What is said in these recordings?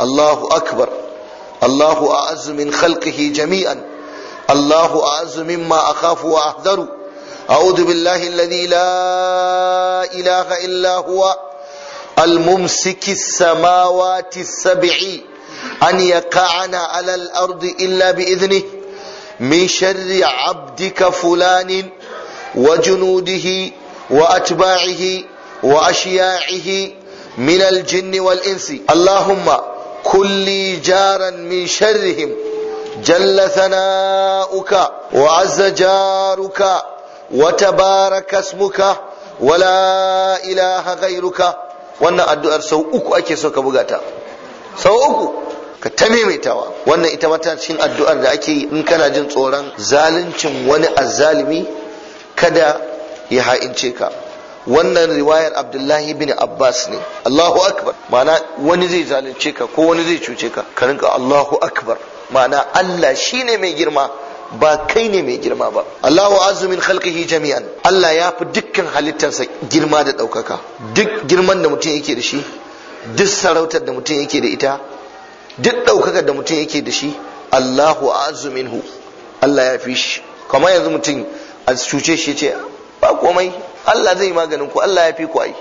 الله أكبر الله أعز من خلقه جميعا الله أعز مما أخاف وأحذر أعوذ بالله الذي لا إله إلا هو الممسك السماوات السبع أن يقعن على الأرض إلا بإذنه من شر عبدك فلان وجنوده وأتباعه وأشياعه من الجن والإنس اللهم كل جارا من شرهم جل ثناؤك وعز جارك وتبارك اسمك ولا إله غيرك wannan addu'ar sau uku ake so ka buga ta sau uku ka ta maimaitawa wannan ita mata cikin addu'ar da ake yi in kana jin tsoron zaluncin wani azzalimi kada ya ha'ince ka wannan riwayar abdullahi bin abbas ne allahu akbar ma'ana wani zai zalunce ka ko wani zai cuce ka ka rinka allahu akbar ma'ana allah shi ne mai girma ba kai ne mai girma ba allahu azumin khalqihi jami'an allah ya fi dukkan halittarsa girma da ɗaukaka duk girman da mutum yake da shi duk sarautar da mutum yake da ita duk ɗaukakar da mutum yake da shi allahu hu. allah ya fi shi kamar yanzu mutum a cuce shi ce ba komai Allah zai maganin ku Allah ya fi ku ai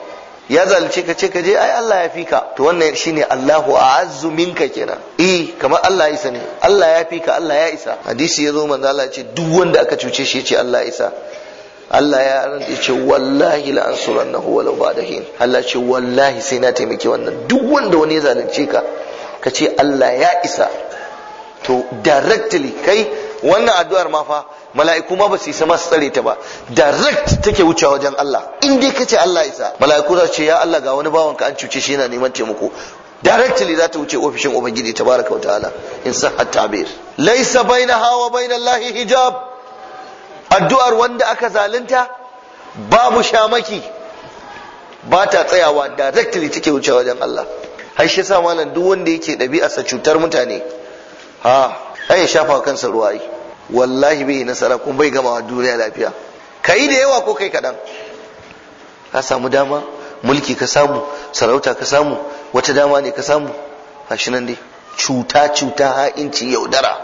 ya zalce ka ce ka je ai Allah ya fi ka to wannan shine Allahu a'azzu minka kenan eh kamar Allah ya isa ne Allah ya fi ka Allah ya isa hadisi ya zo manzo Allah ya ce duk wanda aka cuce shi ya ce Allah ya isa Allah ya rantsa ce wallahi la ansurannahu walau ba'dahin Allah ce wallahi sai na taimake wannan duk wanda wani ya zalunce ka ka ce Allah ya isa to directly kai wannan addu'ar ma fa mala'iku ma ba su isa masu tsare ta ba direct take wucewa wajen Allah in dai kace Allah isa mala'iku za su ce ya Allah ga wani bawanka an cuce shi yana neman taimako directly za ta wuce ofishin ubangiji tabaraka wa ta'ala in at tabir laysa bainaha wa bainallahi hijab addu'ar wanda aka zalunta babu shamaki ba ta tsayawa directly take wucewa wajen Allah har shi sa malam duk wanda yake ɗabi'arsa cutar mutane ha ai shafa kansa ruwa ai wallahi bai nasara kun bai gama duniya lafiya kai da yawa ko kai kadan ka samu dama mulki ka samu sarauta ka samu wata dama ne ka samu gashi nan dai cuta cuta ha'inci yaudara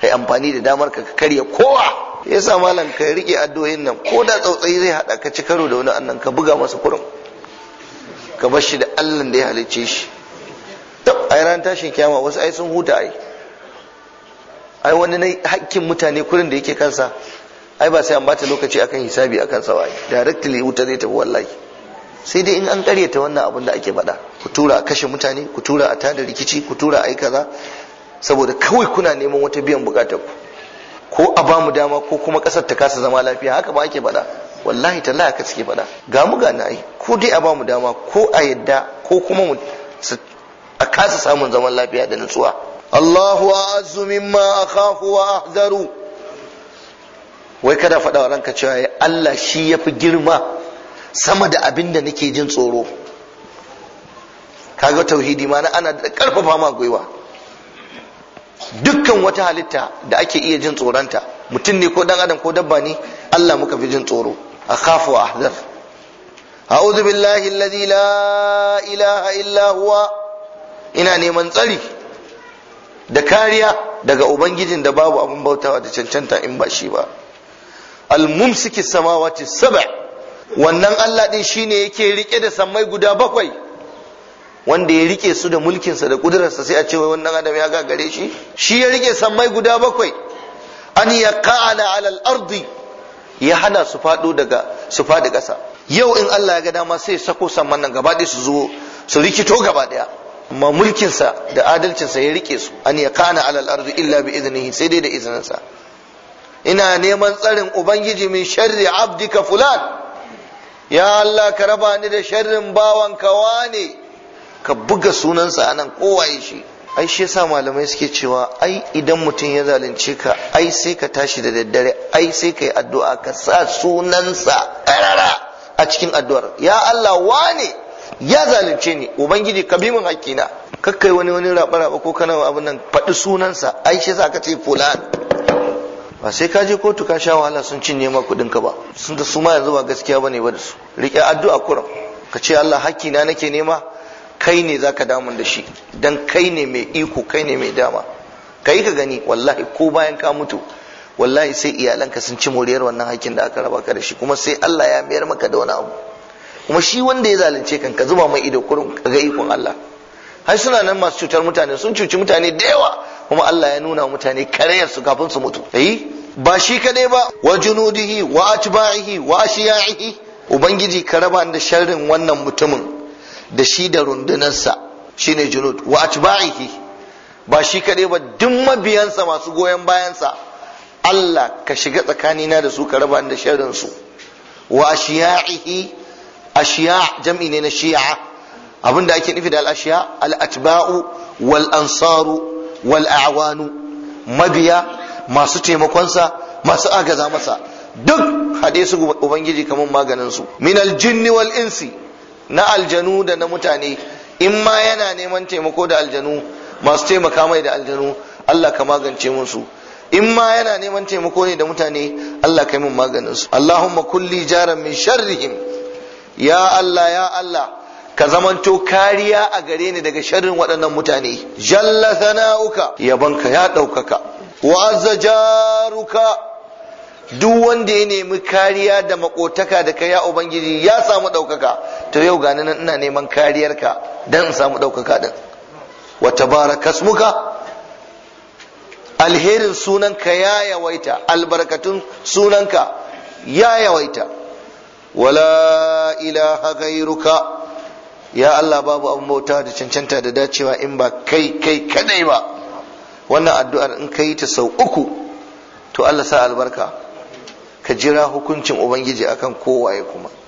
kai amfani da damar ka karya kowa yasa malam ka rike addu'o'in nan ko da tsautsayi zai hada ka ci karo da wani annan ka buga masa kurum ka bar shi da Allah da ya halicce shi tab ai ran tashin kyama wasu ai sun huta ai ai wani na hakkin mutane kurin da yake kansa ai ba sai an bata lokaci akan hisabi akan sawaye directly wuta zai tafi wallahi sai dai in an karyata wannan abin da ake faɗa ku tura kashe mutane ku tura a tada rikici ku tura a yi kaza saboda kawai kuna neman wata biyan bukatar ku ko a ba mu dama ko kuma kasar ta kasa zama lafiya haka ba ake faɗa wallahi tallahi ka suke faɗa ga mu ga na'i ko dai a ba mu dama ko a yadda ko kuma mu a kasa samun zaman lafiya da nutsuwa Allahu a'azzu mimma akhafu wa ahzaru wai kada faɗa wa ranka cewa Allah shi ya fi girma sama da abin da nake jin tsoro kaga tauhidi ma ana da karfafa ma gwiwa dukkan wata halitta da ake iya jin tsoronta mutum ne ko dan adam ko dabba ne Allah muka fi jin tsoro akhafu wa ahzar a'udhu billahi alladhi la ilaha illa huwa ina neman tsari da kariya daga ubangijin da babu abin bautawa da cancanta in ba shi ba al-mumsiki samawati saba wannan Allah din shine yake rike da samai guda bakwai wanda ya rike su da mulkin sa da kudurarsa sai a ce wai wannan adam ya gagare shi shi ya rike samai guda bakwai an ya 'ala al ardi ya hana su fado daga su fadi ƙasa yau in Allah ya ga dama sai sako samman nan gaba su zo su rikito gaba ɗaya Ma mulkinsa da adalcinsa ya rike su an ya kana alal ardi illa bi iznihi sai dai da izininsa ina neman tsarin ubangiji min sharri abdika fulan ya Allah ka raba ni da sharrin bawanka wane ka buga sunansa anan kowaye shi ai shi yasa malamai suke cewa ai idan mutum ya zalunce ka ai sai ka tashi da daddare ai sai ka yi addu'a ka sa sunansa karara a cikin addu'ar ya Allah wane ya zalunce ni ubangiji ka bi min hakkina kakkai wani wani raba raba ko kana abin nan faɗi sunansa ai shi ka ce fulan ba sai ka je kotu ka sha wahala sun cin nema kuɗin ka ba sun da su ma yanzu ba gaskiya bane ba da su rike addu'a kuram ka ce Allah hakkina nake nema kai ne zaka damun da shi dan kai ne mai iko kai ne mai dama kai ka gani wallahi ko bayan ka mutu wallahi sai iyalanka sun ci moriyar wannan hakkin da aka raba ka da shi kuma sai Allah ya mayar maka da wani abu kuma shi wanda ya zalunce kan ka zuba mai ido kurin ga ikon Allah har suna nan masu cutar mutane sun cuci mutane da yawa kuma Allah ya nuna mutane karayar su kafin su mutu eh ba shi kadai ba wa junudihi wa atba'ihi wa ashiya'ihi ubangiji ka raba da sharrin wannan mutumin da shi da rundunarsa shine junud wa atba'ihi ba shi kadai ba duk mabiyansa masu goyon bayansa Allah ka shiga tsakanina da su ka raba da sharrin su wa ashiya'ihi ashiya jam'i ne na shi'a abinda ake nufi da al al'atba'u wal ansaru wal a'wanu mabiya masu taimakonsa masu agaza masa duk haɗe su ubangiji kamar maganin su min aljinni wal insi na aljanu da na mutane in ma yana neman taimako da aljanu masu taimaka mai da aljanu Allah ka magance musu in ma yana neman taimako ne da mutane Allah ka yi min maganin su Allahumma kulli jaran min sharrihim ya Allah ya Allah ka zamanto kariya a gare ni daga sharrin waɗannan mutane jalla sana'uka yabanka ya ɗaukaka wa azza jaruka duk wanda ya nemi kariya da makotaka da kai ya ubangiji ya samu ɗaukaka to yau gani nan ina neman kariyarka dan samu ɗaukaka din wa tabaraka alherin sunanka ya yawaita albarkatun sunanka ya yawaita wala ilaha gairuka ya Allah babu abin bauta da cancanta da dacewa in ba kai kai kadai ba wannan addu'ar in kai ta sau uku to Allah sa albarka ka jira hukuncin ubangiji akan kowaye kuma